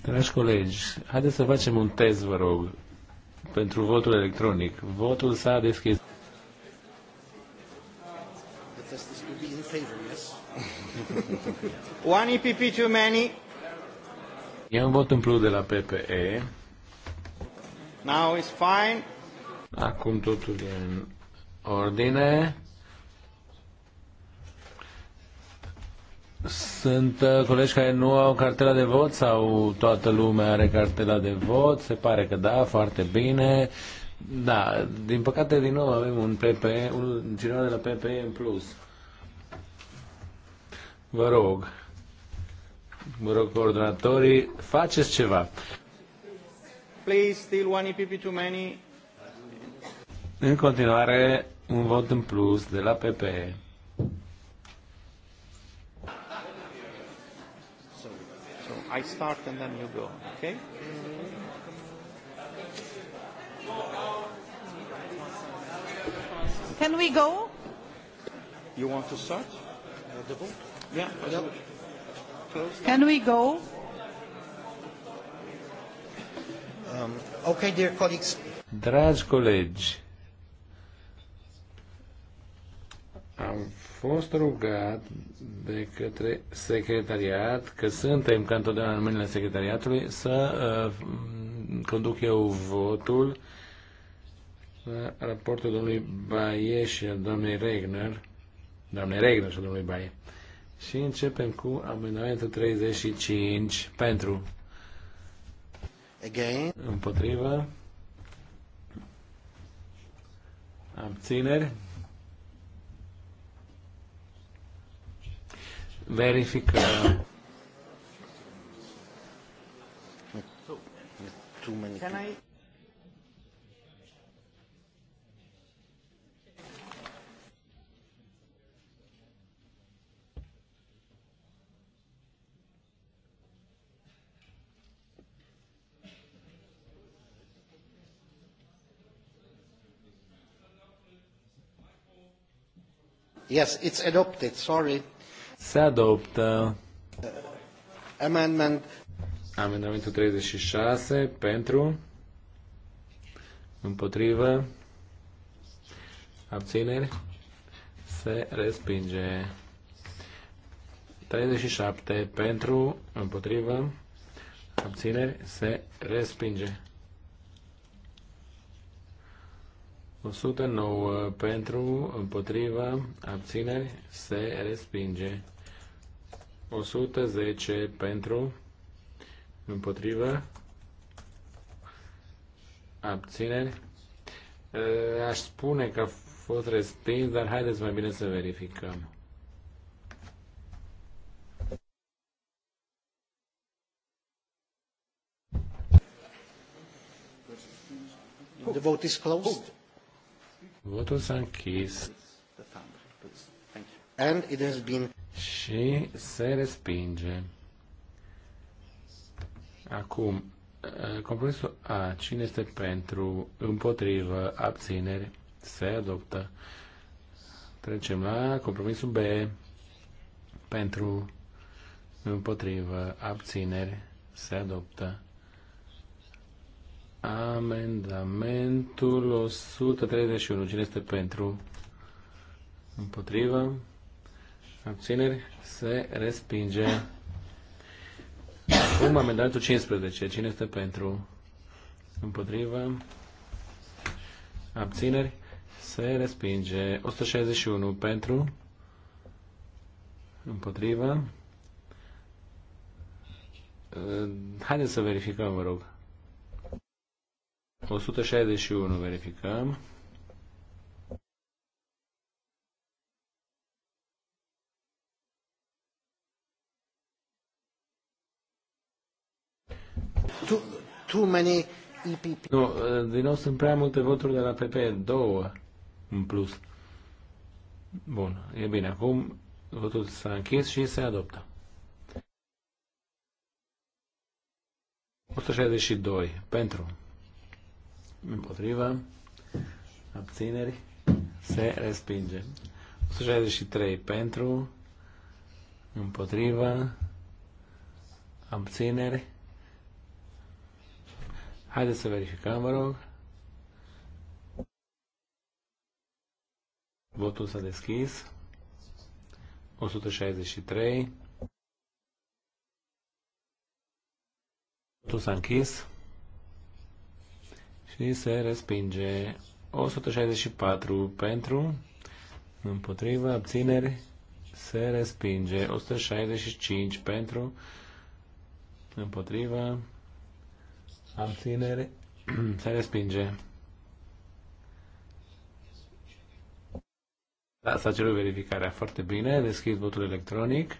Dragi colegi, haideți să facem un test, vă rog, pentru votul electronic. Votul s-a deschis. One EPP too many. E un vot în plus de la PPE. Now it's fine. Acum totul e în ordine. Sunt uh, colegi care nu au cartela de vot sau toată lumea are cartela de vot? Se pare că da, foarte bine. Da, din păcate din nou avem un PP, un cineva de la PP în plus. Vă rog, vă rog coordonatorii, faceți ceva. Please, still one EPP too many. În continuare, un vot în plus de la PP. I start and then you go, okay? Can we go? You want to start? Uh, the vote? Yeah. Yep. Close. Can we go? Um, okay, dear colleagues. Dragi colegi, fost rugat de către secretariat, că suntem ca întotdeauna în mâinile secretariatului, să uh, conduc eu votul la raportul domnului Baie și al domnului Regner, doamnei Regner și al domnului Baie. Și începem cu amendamentul 35 pentru. Again. Împotrivă. Abțineri. Verificăm. Too many Yes, it's adopted. Sorry. Se adoptă. Amendment. Amendamentul 36 pentru. Împotrivă. Abțineri. Se respinge. 37 pentru. Împotrivă. Abțineri. Se respinge. 109 pentru, împotriva, abțineri, se respinge. 110 pentru, împotriva, abțineri. Aș spune că a fost respins, dar haideți mai bine să verificăm. The vote is closed. Votul s-a închis. And it has been... Și se respinge. Acum, compromisul A, cine este pentru, împotrivă, abțineri, se adoptă. Trecem la compromisul B, pentru, împotrivă, abțineri, se adoptă. Amendamentul 131. Cine este pentru? Împotrivă? Abțineri? Se respinge. Acum amendamentul 15. Cine este pentru? Împotrivă? Abțineri? Se respinge. 161 pentru? Împotrivă? Haideți să verificăm, vă rog. 161 verificăm. Too, too many EPP. Nu, din nou sunt prea multe voturi de la PP, două în plus. Bun, e bine. Acum votul s-a închis și se adoptă. 162. Pentru împotriva, abțineri, se respinge. 163 pentru, împotriva, abțineri. Haideți să verificăm, vă rog. Votul s-a deschis. 163. Votul s-a închis și se respinge 164 pentru, împotriva, abțineri, se respinge 165 pentru, împotriva, abțineri, se respinge. Da, s-a cerut verificarea foarte bine, deschid votul electronic.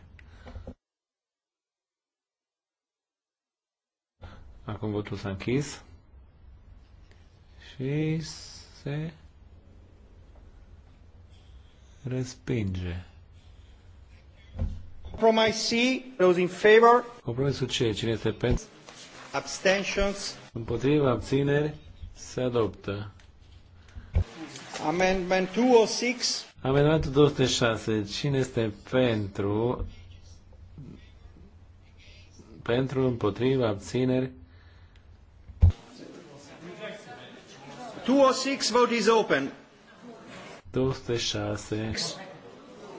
Acum votul s-a închis și se respinge. C, Compromisul C, cine este pentru? Abstentions. Împotriva abțineri, se adoptă. Amendment 206. Amendamentul 206. Cine este pentru? Pentru, împotriva, abțineri, 206 vote is open. 206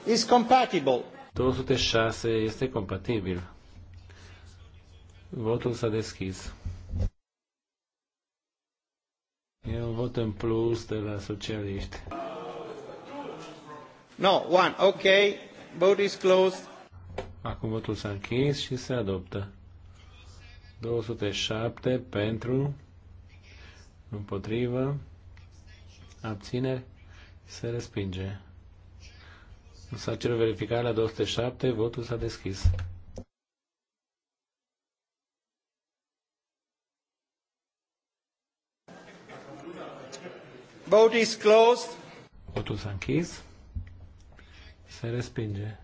is compatible. 206 este compatibil. Votul s-a deschis. E un vot în plus de la socialiști. No, one. Ok. Vote is closed. Acum votul s-a închis și se adoptă. 207 pentru împotrivă, abțineri, se respinge. S-a cerut verificare la 207, votul s-a deschis. Vote is closed. Votul s-a închis. Se respinge.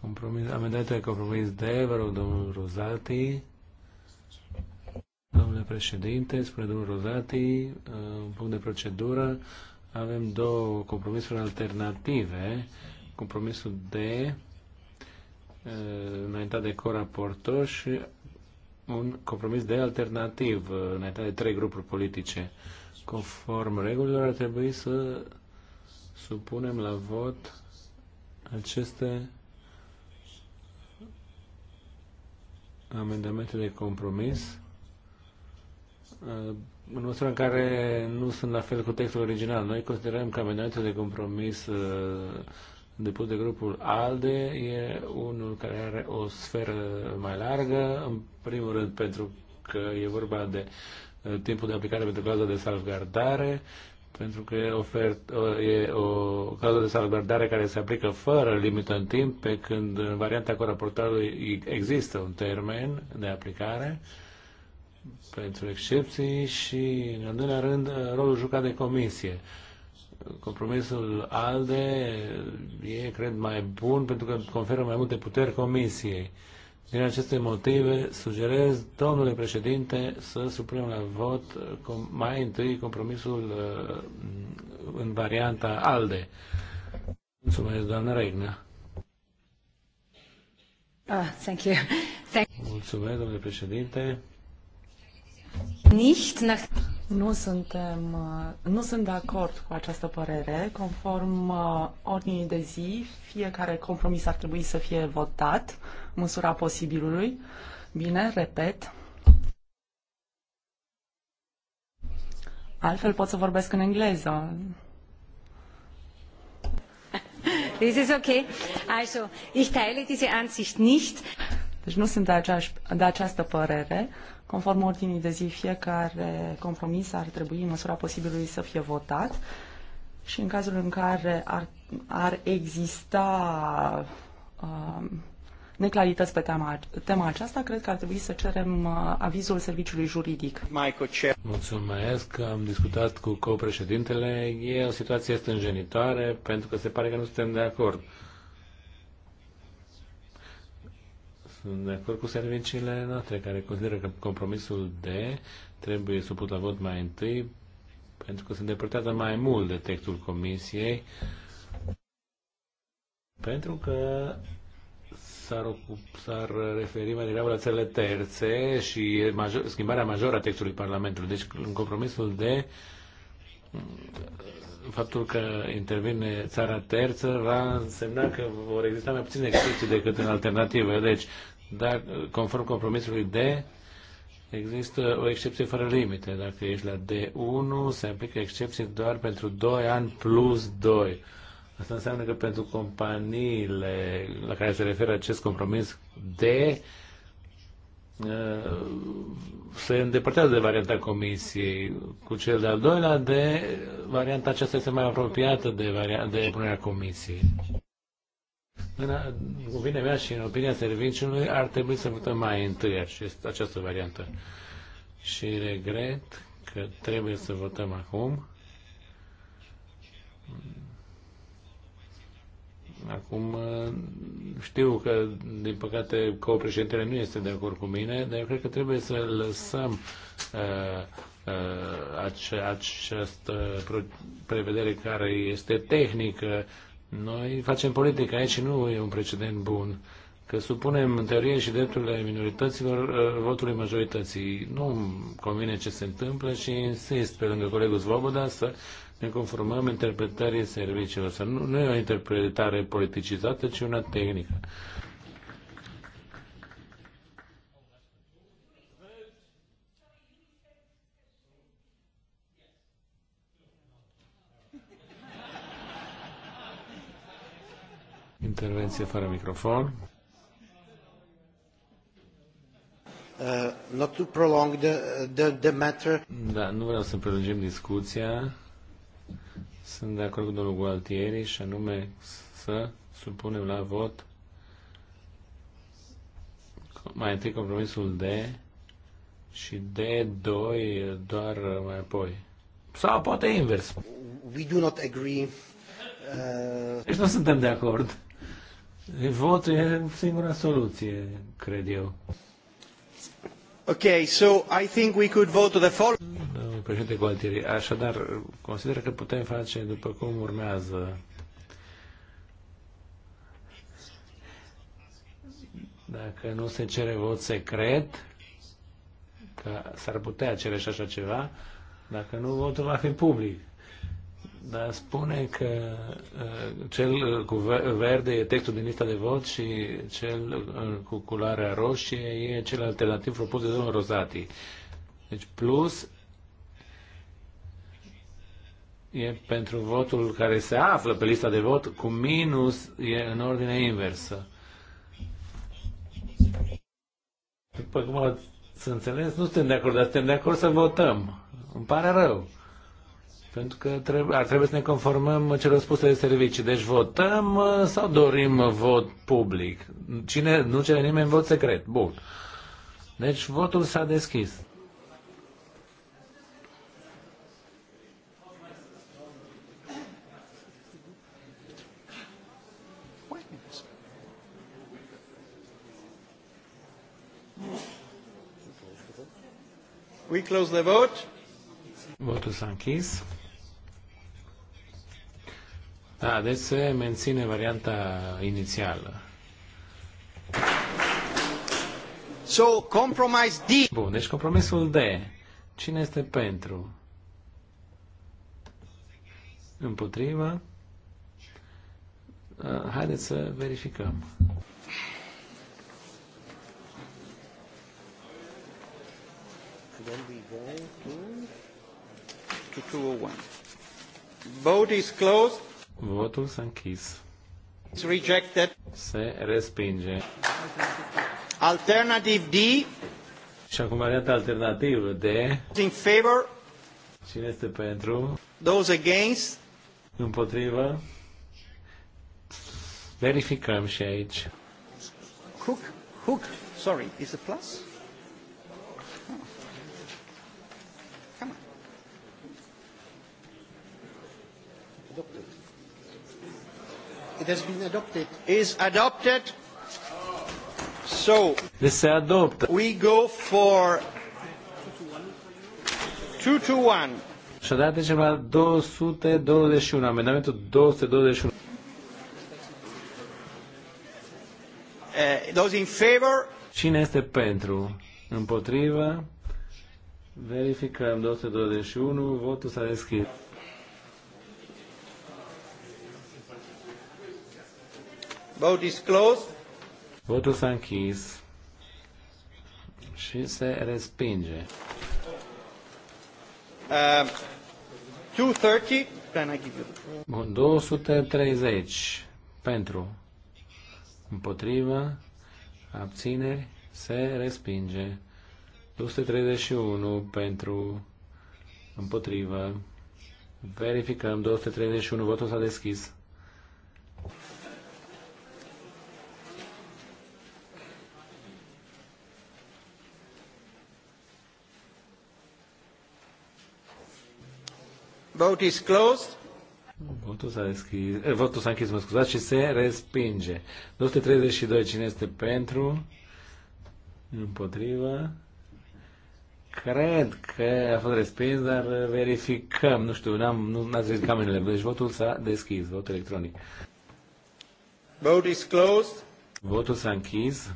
Compromis, amendatul e compromis de, vă rog, domnul Rosati președinte, spune domnul Rozati, un uh, punct de procedură. Avem două compromisuri alternative. Compromisul D, uh, înaintea de coraportor și un compromis de alternativ uh, înaintea de trei grupuri politice. Conform regulilor ar trebui să supunem la vot aceste amendamente de compromis în măsura în care nu sunt la fel cu textul original. Noi considerăm că amendamentul de compromis uh, depus de grupul ALDE e unul care are o sferă mai largă, în primul rând pentru că e vorba de uh, timpul de aplicare pentru clauza de salvgardare, pentru că e, ofert, e o clauză de salvgardare care se aplică fără limită în timp, pe când în varianta cu raportarului există un termen de aplicare. Uh, pentru excepții și, în al doilea rând, rolul jucat de comisie. Compromisul ALDE e, cred, mai bun pentru că conferă mai multe puteri comisiei. Din aceste motive, sugerez, domnule președinte, să supunem la vot mai întâi compromisul uh, în varianta ALDE. Mulțumesc, doamnă Regna. Ah, thank you. Thank you. Mulțumesc, domnule președinte. Nicht nach... Nu suntem, uh, nu sunt de acord cu această părere. Conform uh, ordinii de zi, fiecare compromis ar trebui să fie votat, măsura posibilului. Bine, repet. Altfel pot să vorbesc în engleză. This is okay. Also, ich teile diese Ansicht nicht. Deci nu sunt de, aceeași, de această părere. Conform ordinii de zi, fiecare compromis ar trebui, în măsura posibilului, să fie votat și în cazul în care ar, ar exista uh, neclarități pe tema, tema aceasta, cred că ar trebui să cerem uh, avizul serviciului juridic. Mulțumesc, am discutat cu copreședintele. E o situație stânjenitoare pentru că se pare că nu suntem de acord. Sunt de acord cu serviciile noastre care consideră că compromisul D trebuie supus la vot mai întâi pentru că se îndepărtează mai mult de textul comisiei pentru că s-ar, s-ar referi mai degrabă la țările terțe și major, schimbarea majoră a textului Parlamentului. Deci, în compromisul de faptul că intervine țara terță va însemna că vor exista mai puține excepții decât în alternativă. Deci, dar conform compromisului D, există o excepție fără limite. Dacă ești la D1, se aplică excepție doar pentru 2 ani plus 2. Asta înseamnă că pentru companiile la care se referă acest compromis D, uh, se îndepărtează de varianta comisiei cu cel de-al doilea de varianta aceasta este mai apropiată de, varia- de punerea comisiei. În opinia mea și în opinia serviciului ar trebui să votăm mai întâi acest, această variantă. Și regret că trebuie să votăm acum. Acum știu că, din păcate, copreședintele nu este de acord cu mine, dar eu cred că trebuie să lăsăm uh, uh, această prevedere care este tehnică noi facem politică aici și nu e un precedent bun. Că supunem în teorie și drepturile minorităților uh, votului majorității. Nu convine ce se întâmplă și insist pe lângă colegul Svoboda să ne conformăm interpretării serviciilor. Să nu, nu e o interpretare politicizată, ci una tehnică. Intervenție fără microfon. Uh, not to prolong the, the, the matter. Da, nu vreau să prelungim discuția. Sunt de acord cu domnul Gualtieri și anume să supunem la vot mai întâi compromisul D și D2 doar mai apoi. Sau poate invers. We do not agree. Uh... Deci nu suntem de acord Votul e singura soluție, cred eu. Ok, so I think we could vote to the following. președinte Gualtieri, așadar, consider că putem face după cum urmează. Dacă nu se cere vot secret, că s-ar putea cere și așa ceva, dacă nu, votul va fi public. Dar spune că uh, cel cu verde e textul din lista de vot și cel uh, cu culoarea roșie e cel alternativ propus de domnul Rozati. Deci plus e pentru votul care se află pe lista de vot, cu minus e în ordine inversă. După cum ați înțeles, nu suntem de acord, dar suntem de acord să votăm. Îmi pare rău. Pentru că trebuie, ar trebui să ne conformăm celor spuse de servicii. Deci votăm uh, sau dorim vot public? Cine, nu cere nimeni vot secret. Bun. Deci votul s-a deschis. We close the vote. Votul s-a închis. Da, deci se menține varianta inițială. So, compromise D. Bun, deci compromisul D. Cine este pentru? Împotriva? Haideți să verificăm. Then we go to, 201. Vote is closed. Votul s-a închis. It's rejected. Se respinge. Alternative D. Și acum varianta alternativă D. In favor. Cine este pentru? Those against. Împotrivă. Verificăm și aici. Hook, hook, sorry, is a plus? Oh. Come on. It has been adopted. Is adopted. So, deci se adoptă. We go for one. Și a dat ceva 221, amendamentul 221. Uh, those in favor? Cine este pentru? Împotriva? Verificăm 221, votul s-a deschis. Vote is closed. Votul s-a închis și se respinge. Uh, um, 230. Bun, 230 pentru, împotrivă, abțineri, se respinge. 231 pentru, împotrivă. Verificăm, 231, votul s-a deschis. Vote is closed. Votul s-a deschis, eh, votul s-a închis, mă scuzați, și se respinge. 232, cine este pentru? Împotrivă? Cred că a fost respins, dar verificăm. Nu știu, n-am, nu ați ridicat camerele. Deci votul s-a deschis, vot electronic. Vote is closed. Votul s-a închis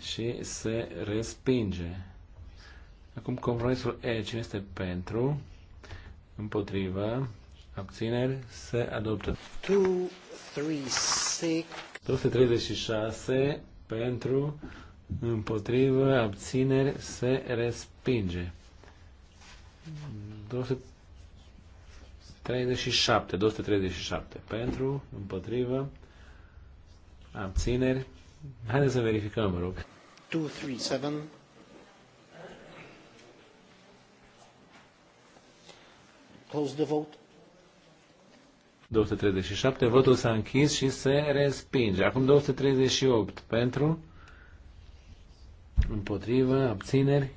și se respinge. Acum compromisul E, cine este pentru? Împotrivă. abțineri, se adoptă. 236, pentru, Împotrivă. abțineri, se respinge. 237, 237 pentru, Împotrivă. abțineri. Haideți să verificăm, mă rog. 237. Close the vote. 237, votul s-a închis și se respinge. Acum 238, pentru, împotrivă, abțineri,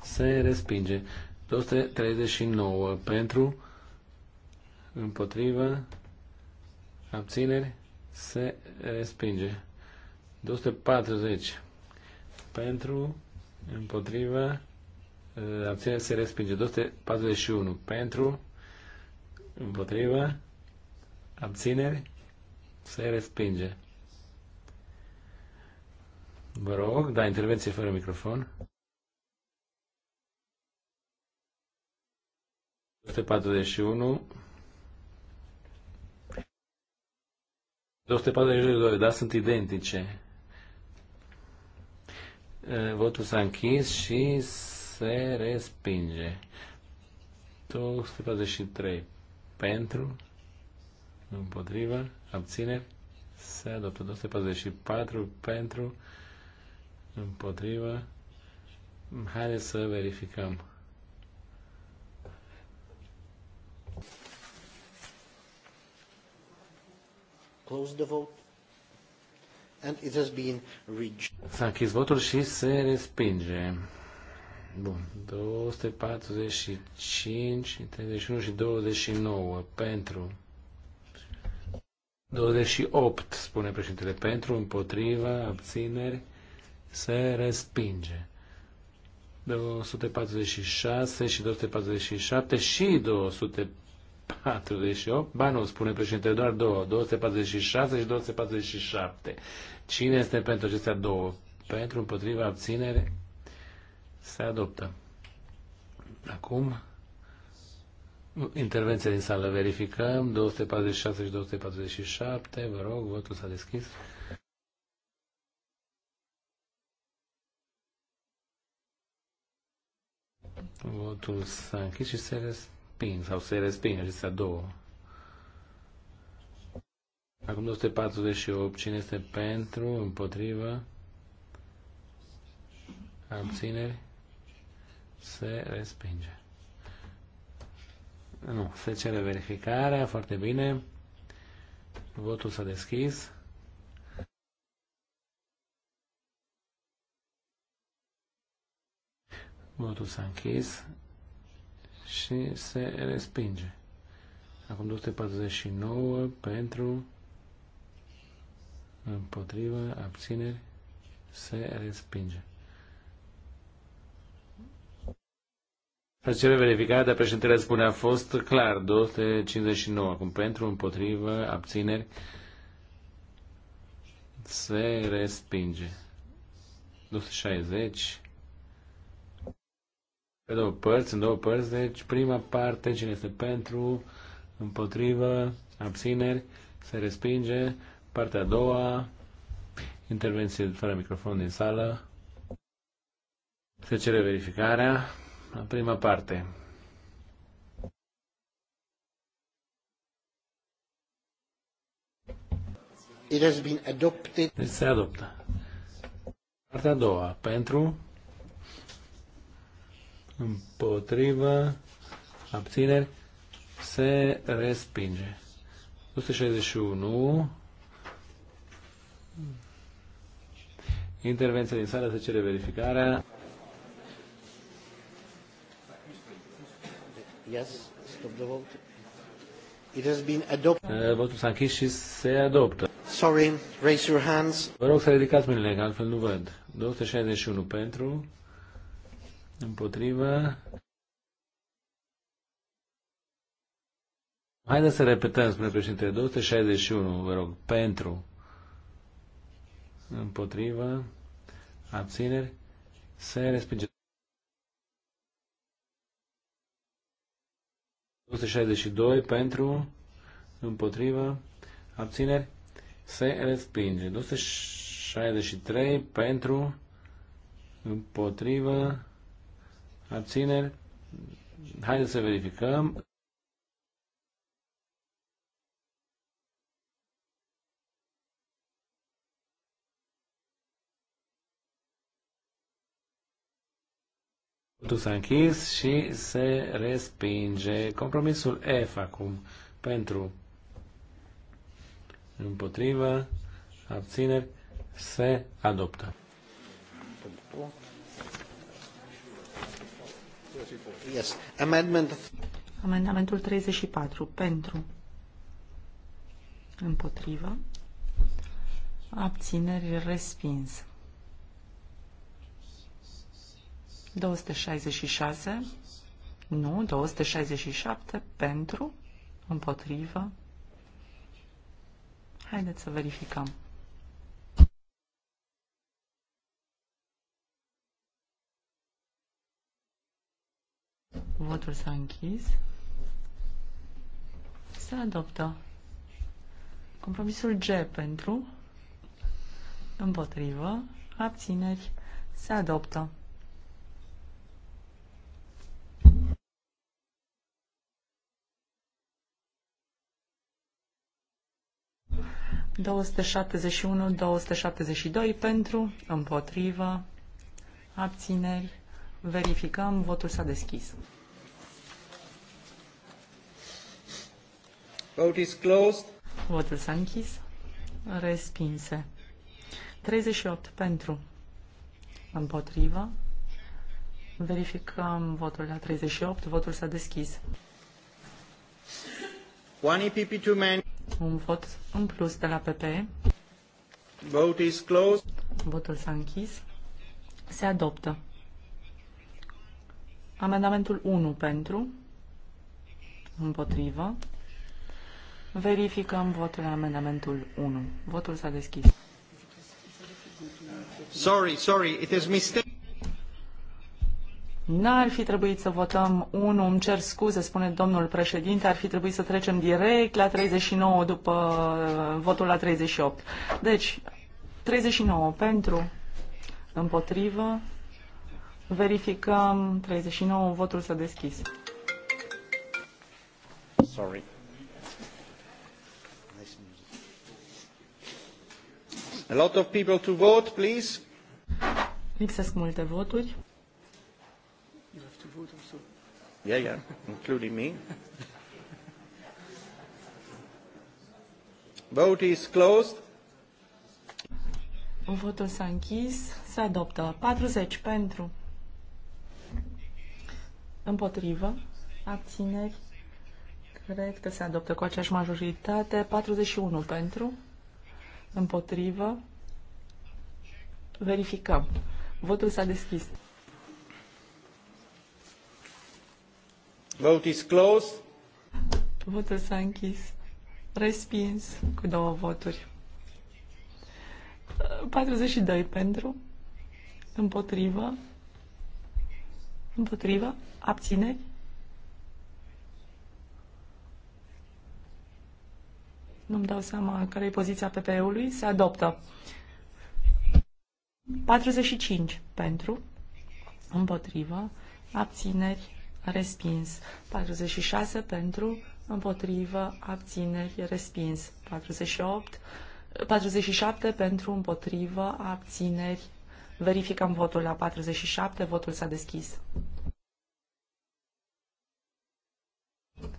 se respinge. 239, pentru, împotrivă, abțineri, se respinge. 240, pentru, împotrivă, Uh, abțineri se respinge. 241 pentru, împotrivă, abțineri se respinge. Vă rog, da, intervenție fără microfon. 241 242, da, sunt identice. Uh, votul s-a închis și se respinge. 243 pentru, împotriva, abțineri, se adoptă. 244 pentru, împotriva, haideți să verificăm. Close the vote. And it has been reached. S-a închis votul și se respinge. Bun. 245, 31 și 29 pentru. 28, spune președintele, pentru, împotriva, abțineri, se respinge. 246 și 247 și 248, ba nu, spune președintele, doar două, 246 și 247. Cine este pentru acestea două? Pentru, împotriva, abțineri, se adoptă. Acum, intervenția din sală. Verificăm. 246 și 247. Vă rog, votul s-a deschis. Votul s-a închis și se resping, sau se resping acestea două. Acum 248. Cine este pentru? Împotrivă? Abțineri? se respinge. Nu, se cere verificarea, foarte bine. Votul s-a deschis. Votul s-a închis și se respinge. Acum 249 pentru împotrivă, abțineri, se respinge. Facere verificare, de președintele spune, a fost clar, 259, acum pentru, împotrivă, abțineri, se respinge. 260, pe două părți, în două părți, deci prima parte, cine este pentru, împotrivă, abțineri, se respinge, partea a doua, intervenție fără microfon din sală, se cere verificarea la prima parte. It has been adopted. Deci se adoptă. Partea a doua. Pentru. Împotrivă. Abțineri. Se respinge. 161. Intervenția din sală se cere verificarea. Yes, stop the vote. It has been adopted. Uh, votul s-a închis și se adoptă. Sorry, raise your hands. Vă rog să ridicați mâinile, că altfel nu văd. 261 pentru, împotrivă. Haideți să repetăm, spune președinte, 261, vă rog, pentru, împotrivă, abțineri, se respinge. 262 pentru, împotrivă, abțineri, se respinge. 263 pentru, împotrivă, abțineri. Haideți să verificăm. Votul s-a închis și se respinge. Compromisul F acum pentru împotrivă abțineri se adoptă. Yes. Amendment. Amendamentul 34 pentru împotrivă abțineri respins. 266, nu, 267 pentru, împotrivă. Haideți să verificăm. Votul s-a închis. Se adoptă. Compromisul G pentru, împotrivă, abțineri, se adoptă. 271-272 pentru, împotrivă, abțineri. Verificăm, votul s-a deschis. Vote is closed. Votul s-a închis. Respinse. 38 pentru, împotrivă. Verificăm votul la 38, votul s-a deschis. One EPP two men. Un vot în plus de la PP. Vote is closed. Votul s-a închis. Se adoptă. Amendamentul 1 pentru. Împotrivă. Verificăm votul la amendamentul 1. Votul s-a deschis. Sorry, sorry, it is mistake. N-ar fi trebuit să votăm 1, îmi cer scuze, spune domnul președinte, ar fi trebuit să trecem direct la 39 după uh, votul la 38. Deci, 39 pentru, împotrivă, verificăm 39, votul s-a deschis. Sorry. A lot of people to vote, please. Lipsesc multe voturi vote also. Yeah, yeah, including me. Vote is closed. Votul s-a închis. Se adoptă 40 pentru. Împotrivă. Abțineri. Cred că se adoptă cu aceeași majoritate. 41 pentru. Împotrivă. Verificăm. Votul s-a deschis. Vote is closed. Votul s-a închis. Respins cu două voturi. 42 pentru, împotrivă, împotrivă, abțineri. Nu-mi dau seama care e poziția PPE-ului. Se adoptă. 45 pentru, împotrivă, abțineri, respins. 46 pentru, împotrivă, abțineri, respins. 48, 47 pentru, împotrivă, abțineri. Verificăm votul la 47, votul s-a deschis.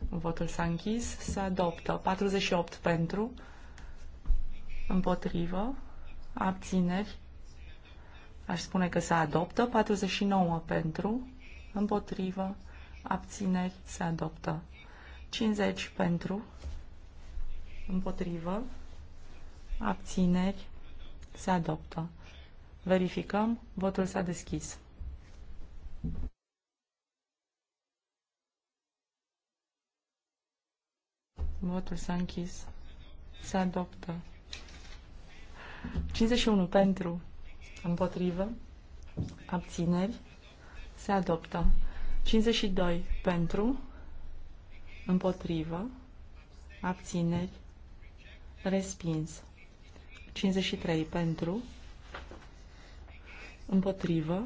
Votul s-a închis, se adoptă. 48 pentru, împotrivă, abțineri, aș spune că se adoptă, 49 pentru, împotrivă, abțineri, se adoptă. 50 pentru, împotrivă, abțineri, se adoptă. Verificăm, votul s-a deschis. Votul s-a închis. Se adoptă. 51 pentru, împotrivă, abțineri, se adoptă. 52 pentru, împotrivă, abțineri, respins. 53 pentru, împotrivă,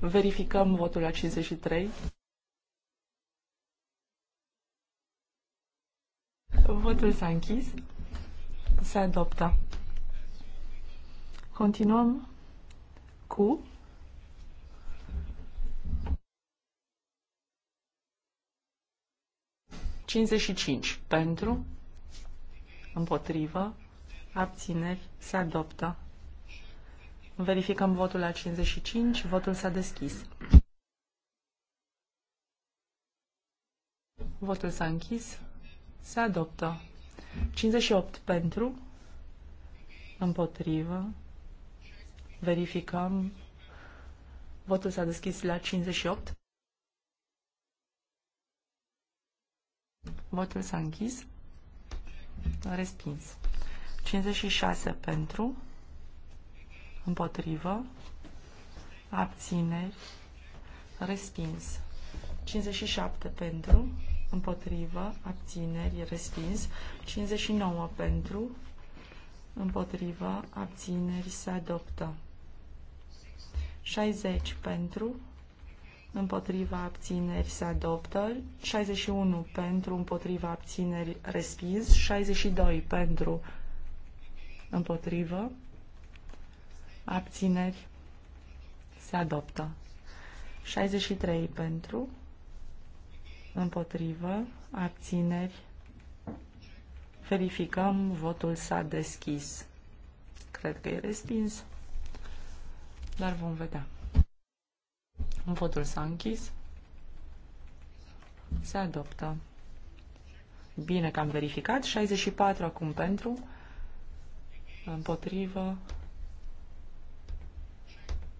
verificăm votul la 53. Votul s-a închis. Se adoptă. Continuăm cu 55 pentru, împotrivă, abțineri, se adoptă. Verificăm votul la 55, votul s-a deschis. Votul s-a închis, se adoptă. 58 pentru, împotrivă, verificăm, votul s-a deschis la 58. Votul s-a închis. Respins. 56 pentru. Împotrivă. Abțineri. Respins. 57 pentru. Împotrivă. Abțineri. Respins. 59 pentru. Împotrivă. Abțineri. Se adoptă. 60 pentru împotriva abțineri se adoptă, 61 pentru, împotriva abțineri respins, 62 pentru, împotrivă, abțineri se adoptă, 63 pentru, împotrivă, abțineri, verificăm, votul s-a deschis. Cred că e respins, dar vom vedea. Votul s-a închis. Se adoptă. Bine că am verificat. 64 acum pentru. Împotrivă.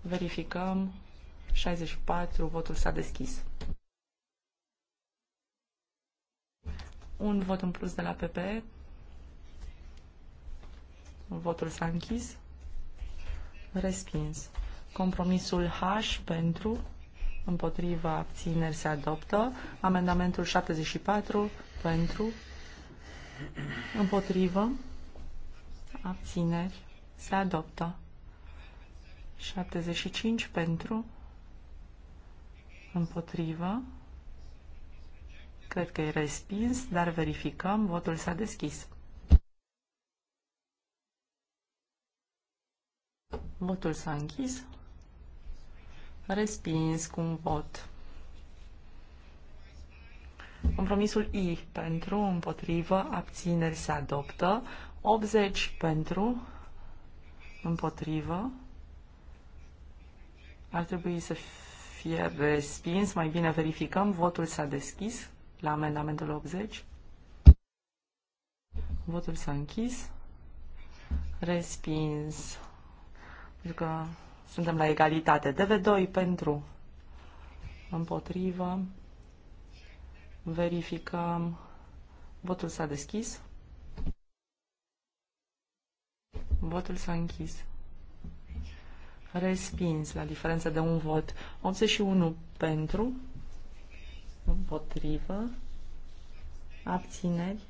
Verificăm. 64. Votul s-a deschis. Un vot în plus de la PPE. Votul s-a închis. Respins. Compromisul H pentru împotriva abțineri se adoptă. Amendamentul 74 pentru, împotrivă, abțineri se adoptă. 75 pentru, împotrivă, cred că e respins, dar verificăm, votul s-a deschis. Votul s-a închis. Respins cu un vot. Compromisul I pentru, împotrivă, abțineri se adoptă. 80 pentru, împotrivă. Ar trebui să fie respins. Mai bine verificăm. Votul s-a deschis la amendamentul 80. Votul s-a închis. Respins. Pentru că suntem la egalitate. DV2 pentru. Împotrivă. Verificăm. Votul s-a deschis. Votul s-a închis. Respins la diferență de un vot. 81 pentru. Împotrivă. Abțineri.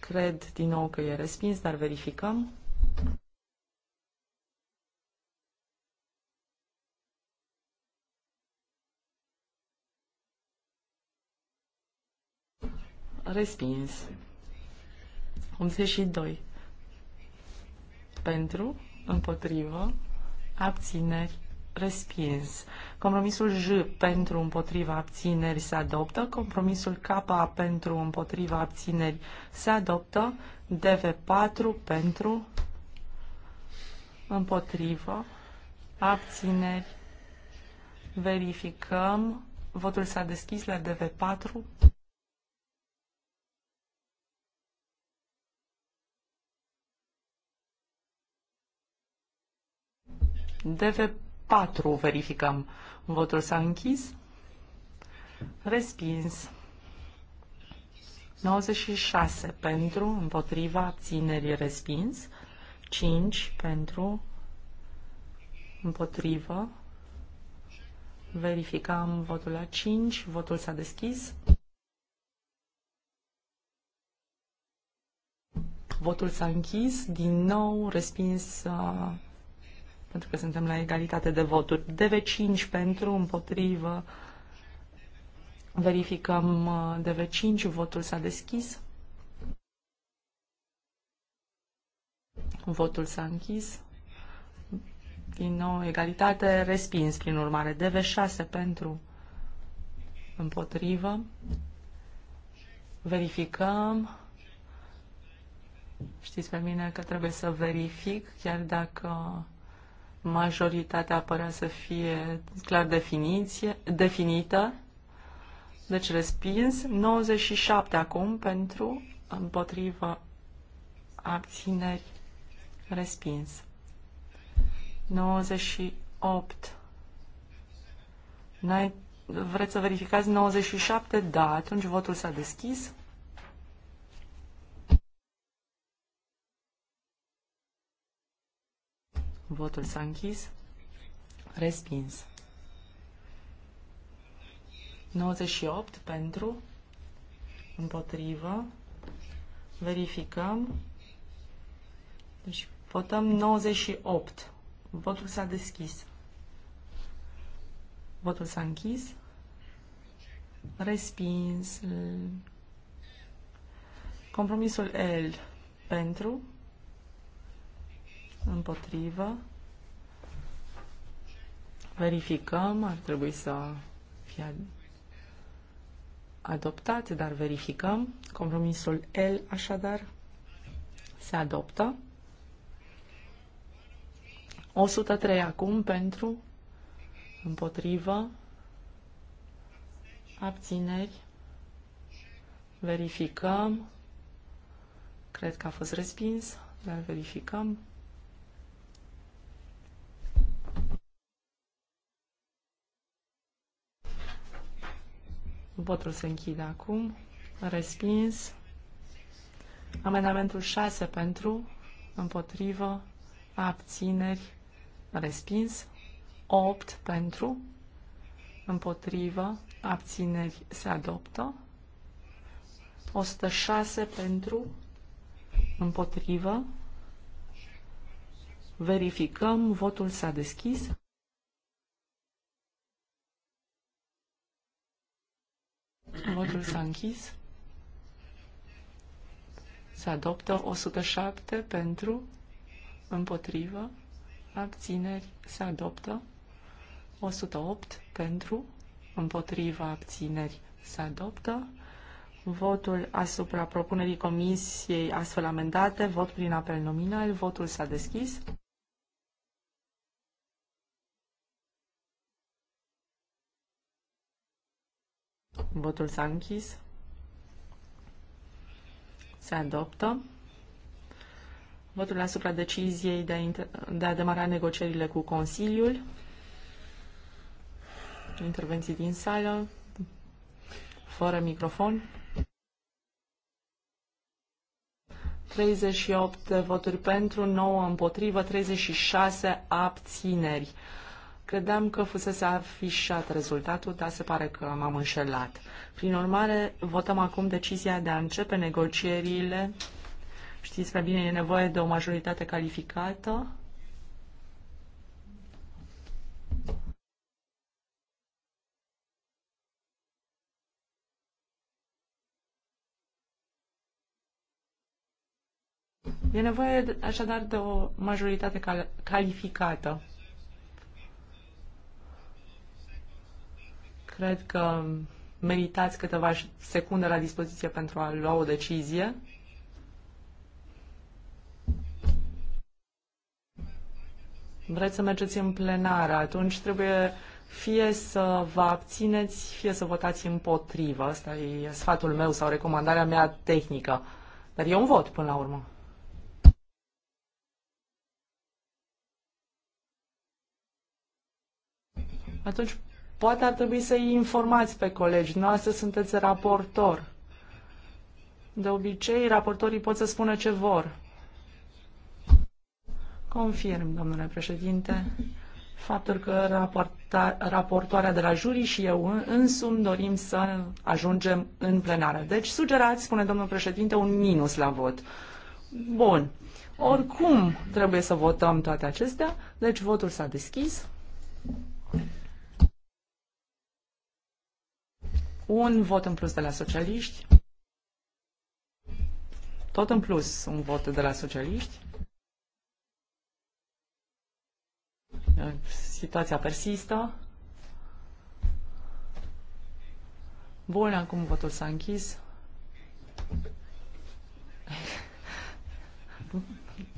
Cred din nou că e respins, dar verificăm. respins. 82. Pentru, împotrivă, abțineri, respins. Compromisul J pentru împotriva abțineri se adoptă, compromisul K pentru împotriva abțineri se adoptă, DV4 pentru împotrivă, abțineri, verificăm, votul s-a deschis la DV4. DV4 verificăm. Votul s-a închis. Respins. 96 pentru, împotriva, abținerii, respins. 5 pentru, împotrivă. Verificăm votul la 5, votul s-a deschis. Votul s-a închis, din nou respins uh, pentru că suntem la egalitate de voturi. DV5 pentru, împotrivă. Verificăm uh, DV5, votul s-a deschis. Votul s-a închis. Din nou, egalitate respins, prin urmare. DV6 pentru împotrivă. Verificăm. Știți pe mine că trebuie să verific, chiar dacă majoritatea părea să fie clar definiție, definită, deci respins. 97 acum pentru împotrivă abțineri respins. 98. N-ai, vreți să verificați 97? Da, atunci votul s-a deschis. Votul s-a închis. Respins. 98 pentru, împotrivă, verificăm, deci votăm 98. Votul s-a deschis. Votul s-a închis. Respins. Compromisul L pentru, împotrivă. Verificăm, ar trebui să fie adoptat, dar verificăm. Compromisul L, așadar, se adoptă. 103 acum pentru, împotrivă, abțineri, verificăm, cred că a fost respins, dar verificăm. Votul se închide acum. Respins. Amendamentul 6 pentru, împotrivă, abțineri, respins. 8 pentru, împotrivă, abțineri, se adoptă. 106 pentru, împotrivă. Verificăm, votul s-a deschis. Votul s-a închis. Se adoptă 107 pentru, împotrivă, abțineri, se adoptă 108 pentru, împotrivă, abțineri, se adoptă votul asupra propunerii comisiei astfel amendate, vot prin apel nominal, votul s-a deschis. Votul s-a închis. Se adoptă. Votul asupra deciziei de a, de a demara negocierile cu Consiliul. Intervenții din sală. Fără microfon. 38 voturi pentru, 9 împotrivă, 36 abțineri. Credeam că fusese afișat rezultatul, dar se pare că m-am înșelat. Prin urmare, votăm acum decizia de a începe negocierile. Știți prea bine, e nevoie de o majoritate calificată. E nevoie așadar de o majoritate cal- calificată. Cred că meritați câteva secunde la dispoziție pentru a lua o decizie. Vreți să mergeți în plenară, atunci trebuie fie să vă abțineți, fie să votați împotrivă. Asta e sfatul meu sau recomandarea mea tehnică. Dar e un vot până la urmă. Atunci Poate ar trebui să-i informați pe colegi. astăzi sunteți raportor. De obicei, raportorii pot să spună ce vor. Confirm, domnule președinte, faptul că raporta, raportoarea de la juri și eu însumi dorim să ajungem în plenară. Deci sugerați, spune domnul președinte, un minus la vot. Bun. Oricum trebuie să votăm toate acestea, deci votul s-a deschis. un vot în plus de la socialiști. Tot în plus un vot de la socialiști. Situația persistă. Bun, acum votul s-a închis.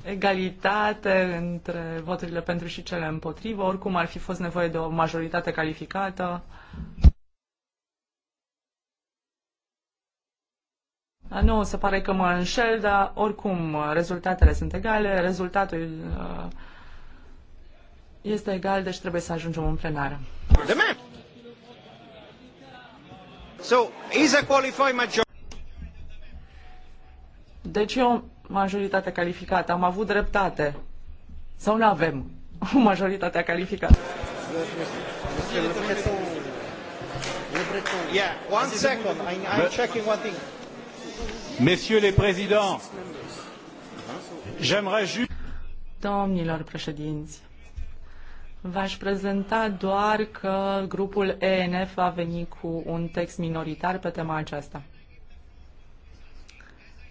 Egalitate între voturile pentru și cele împotrivă. Oricum ar fi fost nevoie de o majoritate calificată. Nu, se pare că mă înșel, dar oricum rezultatele sunt egale, rezultatul uh, este egal, deci trebuie să ajungem în plenară. So, is a Deci e o majoritate calificată. Am avut dreptate. Sau nu avem o majoritate calificată? Yeah, one second. I, I'm checking one thing. Messieurs les présidents, j'aimerais juste... Domnilor președinți, v-aș prezenta doar că grupul ENF va veni cu un text minoritar pe tema aceasta.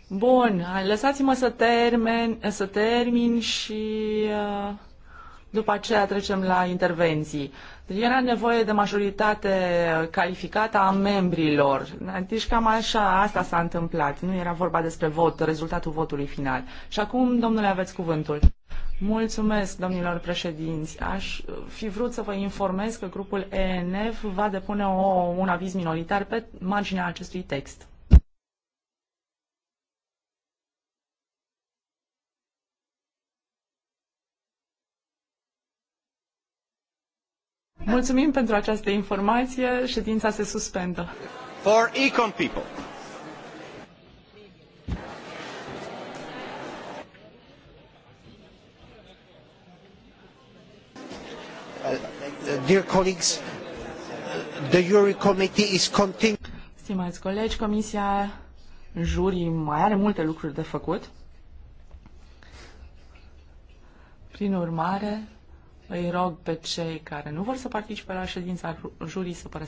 Bun, lăsați-mă să, termin să termin și uh, după aceea trecem la intervenții. Deci era nevoie de majoritate calificată a membrilor. Deci cam așa, asta s-a întâmplat. Nu era vorba despre vot, rezultatul votului final. Și acum, domnule, aveți cuvântul. Mulțumesc, domnilor președinți. Aș fi vrut să vă informez că grupul ENF va depune o, un aviz minoritar pe marginea acestui text. Mulțumim pentru această informație. Ședința se suspendă. For Econ People. Uh, dear colleagues, uh, the Jury Committee is continuing. Stimați colegi, Comisia juri mai are multe lucruri de făcut. Prin urmare, îi rog pe cei care nu vor să participe la ședința jurii să părăsească.